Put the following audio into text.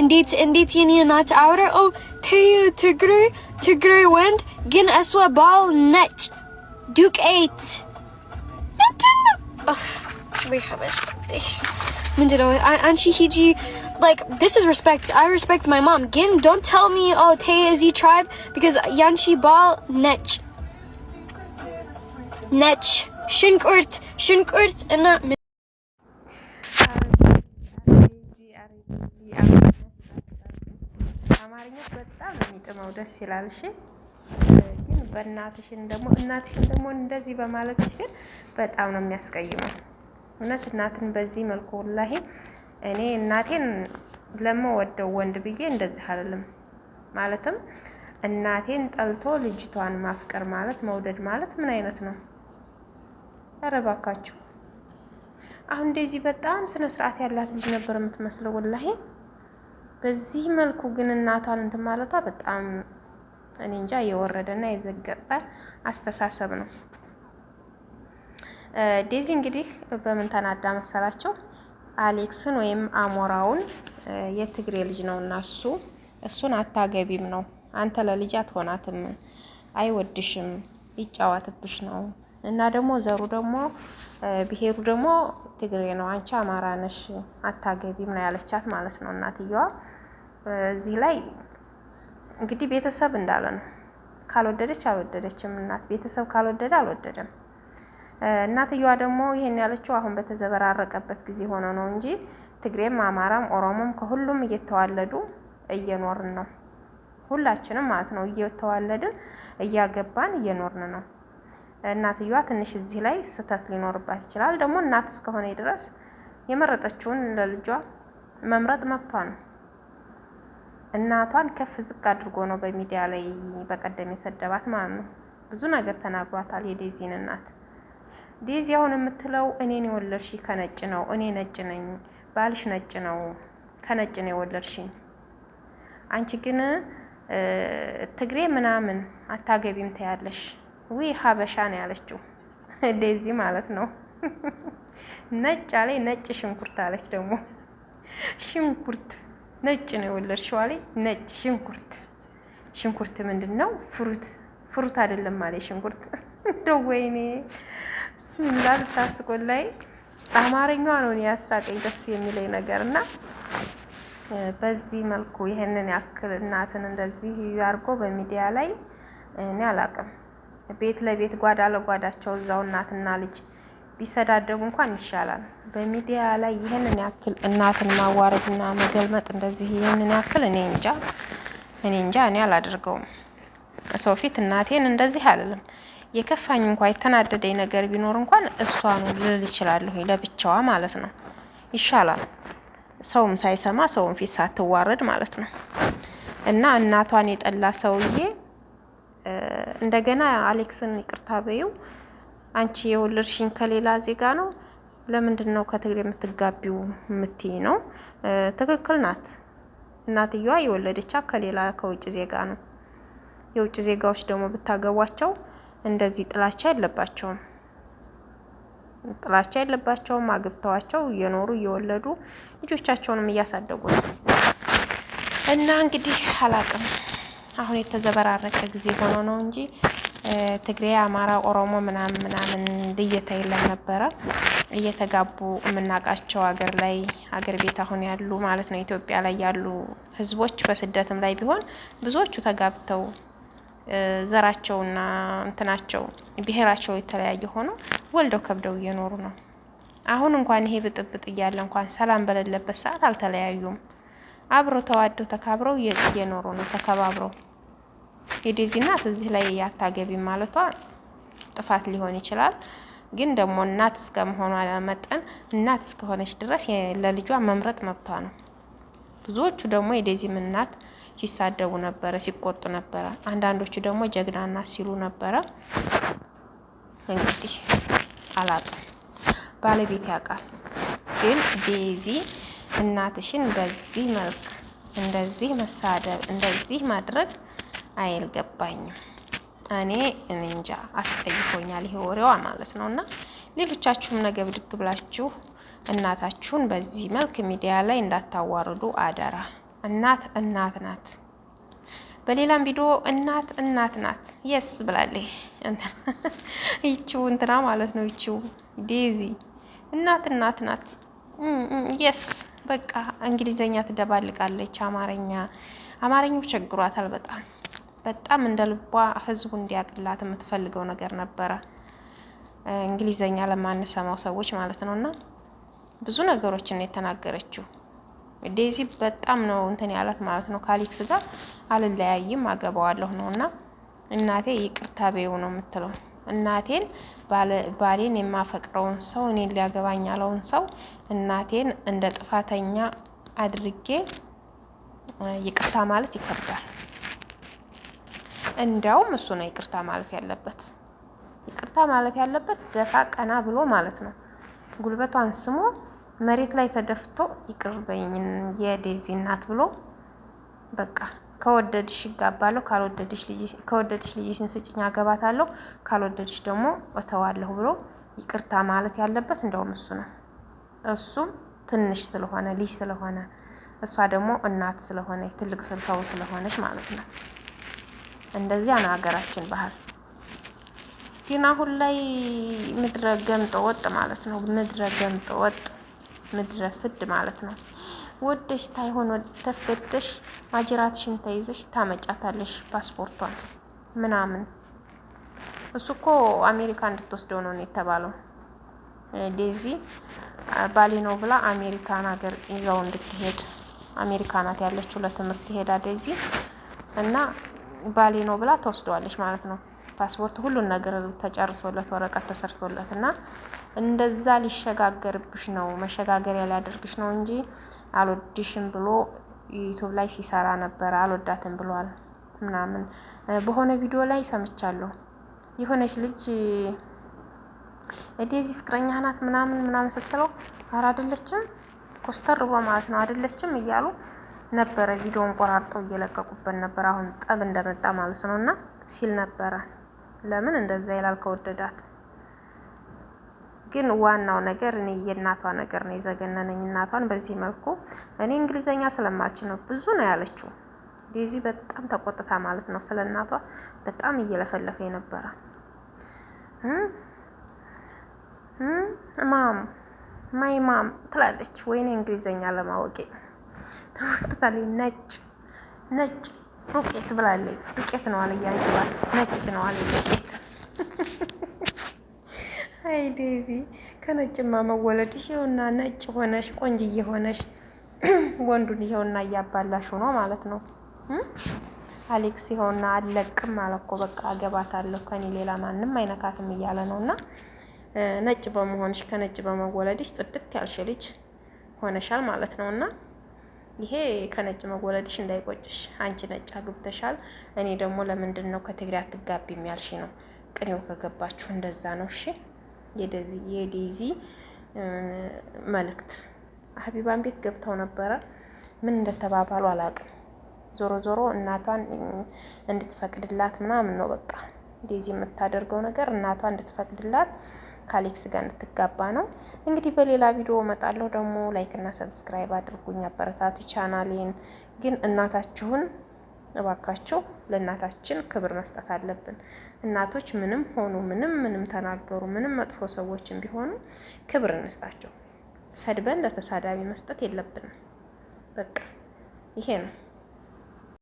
እንዴት እንዴት የኔን ናት አውረው ተዩ ትግሬ ትግሬ ወንድ ግን እሷ ባል ነጭ ዱቄት ምንድነው? ምንድነው? አንቺ ሂጂ like this is respect. I respect my mom. Gin, don't tell me oh Tay is he tribe because Yanchi bal nech. Nech. Shinkurt. Shinkurt and not አማርኛሽ በጣም ነው የሚጥመው፣ ደስ ይላል። እሺ ግን በእናትሽን ደግሞ እናትሽን ደግሞ እንደዚህ በማለትሽ ግን በጣም ነው የሚያስቀይመው። እውነት እናትን በዚህ መልኩ ወላሂ እኔ እናቴን ለመወደው ወንድ ብዬ እንደዚህ አልልም። ማለትም እናቴን ጠልቶ ልጅቷን ማፍቀር ማለት መውደድ ማለት ምን አይነት ነው? ኧረ እባካችሁ አሁን እንደዚህ በጣም ስነ ስርዓት ያላት ልጅ ነበር የምትመስለው ወላሂ። በዚህ መልኩ ግን እናቷን እንትን ማለቷ በጣም እኔ እንጃ የወረደና የዘገጠ አስተሳሰብ ነው። ዴዚ እንግዲህ በምን ተናዳ መሰላቸው? አሌክስን ወይም አሞራውን የትግሬ ልጅ ነው እና እሱ እሱን አታገቢም ነው አንተ ለልጅ አትሆናትም፣ አይወድሽም፣ ይጫወትብሽ ነው እና ደግሞ ዘሩ ደግሞ ብሄሩ ደግሞ ትግሬ ነው፣ አንቺ አማራ ነሽ አታገቢም ነው ያለቻት ማለት ነው እናትየዋ። እዚህ ላይ እንግዲህ ቤተሰብ እንዳለ ነው። ካልወደደች አልወደደችም እናት ቤተሰብ ካልወደደ አልወደደም። እናትየዋ ደግሞ ይሄን ያለችው አሁን በተዘበራረቀበት ጊዜ ሆኖ ነው እንጂ ትግሬም አማራም ኦሮሞም ከሁሉም እየተዋለዱ እየኖርን ነው። ሁላችንም ማለት ነው እየተዋለድን እያገባን እየኖርን ነው። እናትየዋ ትንሽ እዚህ ላይ ስህተት ሊኖርባት ይችላል። ደግሞ እናት እስከሆነ ድረስ የመረጠችውን ለልጇ መምረጥ መብቷ ነው። እናቷን ከፍ ዝቅ አድርጎ ነው በሚዲያ ላይ በቀደም የሰደባት ማለት ነው። ብዙ ነገር ተናግሯታል የዴዚን እናት። ዴዚ አሁን የምትለው እኔን የወለድሽ ከነጭ ነው፣ እኔ ነጭ ነኝ፣ ባልሽ ነጭ ነው፣ ከነጭ ነው የወለድሽኝ። አንቺ ግን ትግሬ ምናምን አታገቢም ተያለሽ ዊ ሀበሻ ነው ያለችው ዴዚ ማለት ነው። ነጭ አለኝ ነጭ ሽንኩርት አለች ደግሞ ሽንኩርት ነጭ ነው የወለድሽው አለኝ ነጭ ሽንኩርት። ሽንኩርት ምንድን ነው? ፍሩት ፍሩት አይደለም አለኝ ሽንኩርት። እንደው ወይኔ ብስሚላ ብታስቆል ላይ አማርኛ ነው ያሳቀኝ ደስ የሚለኝ ነገር እና በዚህ መልኩ ይህንን ያክል እናትን እንደዚህ አድርጎ በሚዲያ ላይ እኔ አላውቅም። ቤት ለቤት ጓዳ ለጓዳቸው እዛው እናትና ልጅ ቢሰዳደቡ እንኳን ይሻላል። በሚዲያ ላይ ይህንን ያክል እናትን ማዋረድና መገልመጥ እንደዚህ ይህንን ያክል እኔ እንጃ እኔ እንጃ እኔ አላደርገውም። ሰው ፊት እናቴን እንደዚህ አልልም። የከፋኝ እንኳ የተናደደኝ ነገር ቢኖር እንኳን እሷኑ ልል ይችላለሁ፣ ለብቻዋ ማለት ነው። ይሻላል ሰውም ሳይሰማ ሰውም ፊት ሳትዋረድ ማለት ነው። እና እናቷን የጠላ ሰውዬ እንደገና አሌክስን ይቅርታ በይው አንቺ የወለድሽኝ ከሌላ ዜጋ ነው፣ ለምንድን ነው ከትግሬ የምትጋቢው የምትይ ነው። ትክክል ናት። እናትየዋ የወለደቻ ከሌላ ከውጭ ዜጋ ነው። የውጭ ዜጋዎች ደግሞ ብታገቧቸው እንደዚህ ጥላቻ የለባቸውም። ጥላቻ የለባቸውም። አግብተዋቸው እየኖሩ እየወለዱ ልጆቻቸውንም እያሳደጉ ነው። እና እንግዲህ አላቅም አሁን የተዘበራረቀ ጊዜ ሆኖ ነው እንጂ ትግሬ፣ አማራ፣ ኦሮሞ ምናምን ምናምን ልየታ የለም ነበረ። እየተጋቡ የምናውቃቸው አገር ላይ አገር ቤት አሁን ያሉ ማለት ነው ኢትዮጵያ ላይ ያሉ ህዝቦች በስደትም ላይ ቢሆን ብዙዎቹ ተጋብተው ዘራቸውና እንትናቸው ብሔራቸው የተለያየ ሆኖ ወልደው ከብደው እየኖሩ ነው። አሁን እንኳን ይሄ ብጥብጥ እያለ እንኳን ሰላም በሌለበት ሰዓት አልተለያዩም። አብረው ተዋደው ተካብረው እየኖሩ ነው ተከባብረው። የዴዚ እናት እዚህ ላይ ያታገቢ ማለቷ ጥፋት ሊሆን ይችላል። ግን ደግሞ እናት እስከ መሆኗ መጠን እናት እስከሆነች ድረስ ለልጇ መምረጥ መብቷ ነው። ብዙዎቹ ደግሞ የዴዚም እናት ሲሳደቡ ነበረ፣ ሲቆጡ ነበረ። አንዳንዶቹ ደግሞ ጀግና እናት ሲሉ ነበረ። እንግዲህ አላጡ ባለቤት ያውቃል። ግን ዴዚ እናትሽን በዚህ መልክ እንደዚህ መሳደብ እንደዚህ ማድረግ አይልገባኝም። እኔ እንጃ አስጠይፎኛል፣ ይሄ ወሬዋ ማለት ነው። እና ሌሎቻችሁም ነገ ብድግ ብላችሁ እናታችሁን በዚህ መልክ ሚዲያ ላይ እንዳታዋርዱ አደራ። እናት እናት ናት። በሌላም ቪዲዮ እናት እናት ናት የስ ብላለች ይችው እንትና ማለት ነው ይችው ዴዚ እናት እናት ናት የስ በቃ እንግሊዘኛ ትደባልቃለች፣ አማርኛ አማርኛው ቸግሯታል። በጣም በጣም እንደ ልቧ ህዝቡ እንዲያቅላት የምትፈልገው ነገር ነበረ፣ እንግሊዘኛ ለማንሰማው ሰዎች ማለት ነው። እና ብዙ ነገሮችን ነው የተናገረችው። ዴዚ በጣም ነው እንትን ያላት ማለት ነው። ካሊክስ ጋር አልለያይም አገባዋለሁ ነው እና እናቴ ይቅርታ ቤው ነው የምትለው እናቴን ባሌን የማፈቅረውን ሰው እኔን ሊያገባኝ ያለውን ሰው እናቴን እንደ ጥፋተኛ አድርጌ ይቅርታ ማለት ይከብዳል። እንዲያውም እሱ ነው ይቅርታ ማለት ያለበት። ይቅርታ ማለት ያለበት ደፋ ቀና ብሎ ማለት ነው። ጉልበቷን ስሞ መሬት ላይ ተደፍቶ ይቅርበኝ የዴዚ እናት ብሎ በቃ ከወደድሽ ይጋባለሁ፣ ከወደድሽ ልጅሽን ስጭኝ አገባታለሁ፣ ካልወደድሽ ደግሞ እተዋለሁ ብሎ ይቅርታ ማለት ያለበት እንደውም እሱ ነው። እሱም ትንሽ ስለሆነ ልጅ ስለሆነ እሷ ደግሞ እናት ስለሆነ ትልቅ ሰው ስለሆነች ማለት ነው። እንደዚያ ነው ሀገራችን ባህል። ግን አሁን ላይ ምድረ ገምጠ ወጥ ማለት ነው። ምድረ ገምጠ ወጥ፣ ምድረ ስድ ማለት ነው። ወደሽ ታይሆን ተፍገደሽ ማጅራትሽን ተይዘሽ ታመጫታለሽ ፓስፖርቷን ምናምን። እሱ እኮ አሜሪካ እንድትወስደው ነው የተባለው። ዴዚ ባሌ ነው ብላ አሜሪካን ሀገር ይዛው እንድትሄድ አሜሪካ ናት ያለችው ለትምህርት ይሄዳ ዴዚ እና ባሌ ነው ብላ ተወስደዋለች ማለት ነው። ፓስፖርት ሁሉን ነገር ተጨርሶለት ወረቀት ተሰርቶለት እና እንደዛ ሊሸጋገርብሽ ነው መሸጋገሪያ ሊያደርግሽ ነው እንጂ አልወድሽም ብሎ ዩቱብ ላይ ሲሰራ ነበረ። አልወዳትም ብሏል ምናምን በሆነ ቪዲዮ ላይ ሰምቻለሁ። የሆነች ልጅ እዴዚህ ፍቅረኛ ናት ምናምን ምናምን ስትለው ኧረ አይደለችም ኮስተር ብሎ ማለት ነው አይደለችም እያሉ ነበረ። ቪዲዮን ቆራርጠው እየለቀቁበት ነበር። አሁን ጠብ እንደመጣ ማለት ነው እና ሲል ነበረ። ለምን እንደዛ ይላል ከወደዳት ግን ዋናው ነገር እኔ የእናቷ ነገር ነው የዘገነነኝ። እናቷን በዚህ መልኩ እኔ እንግሊዘኛ ስለማልችል ነው ብዙ ነው ያለችው። ዴዚ በጣም ተቆጥታ ማለት ነው ስለ እናቷ በጣም እየለፈለፈ የነበረ ማም ማይ ማም ትላለች። ወይኔ እንግሊዘኛ ለማወቄ ተቆጥታለች። ነጭ ነጭ ዱቄት ብላለች። ዱቄት ነው አለየ አንችባል ነጭ ነው አለ ዱቄት። አይ ዴዚ ከነጭማ መወለድሽ ይኸውና ነጭ ሆነሽ ቆንጅዬ ሆነሽ ወንዱን ይኸውና እያባላሽ ነው ማለት ነው። አሌክስ ይኸውና አለቅም አለ እኮ በቃ አገባታለሁ ከኔ ሌላ ማንም አይነካትም እያለ ነው እና ነጭ በመሆንሽ ከነጭ በመወለድሽ ጽድት ያልሽ ልጅ ሆነሻል ማለት ነው እና ይሄ ከነጭ መወለድሽ እንዳይቆጭሽ። አንቺ ነጭ አግብተሻል። እኔ ደግሞ ለምንድን ነው ከትግሬ አትጋቢ የሚያልሽ ነው። ቅኔው ከገባችሁ እንደዛ ነው። እሺ የዴዚ መልእክት ሀቢባን ቤት ገብተው ነበረ። ምን እንደተባባሉ አላውቅም። ዞሮ ዞሮ እናቷን እንድትፈቅድላት ምናምን ነው በቃ ዴዚ የምታደርገው ነገር እናቷ እንድትፈቅድላት ከአሌክስ ጋር እንድትጋባ ነው። እንግዲህ በሌላ ቪዲዮ እመጣለሁ። ደግሞ ላይክ እና ሰብስክራይብ አድርጉኝ፣ አበረታቱ ቻናሌን። ግን እናታችሁን እባካችሁ ለእናታችን ክብር መስጠት አለብን። እናቶች ምንም ሆኑ ምንም ምንም ተናገሩ ምንም መጥፎ ሰዎችም ቢሆኑ ክብር እንስጣቸው። ሰድበን ለተሳዳቢ መስጠት የለብንም። በቃ ይሄ ነው።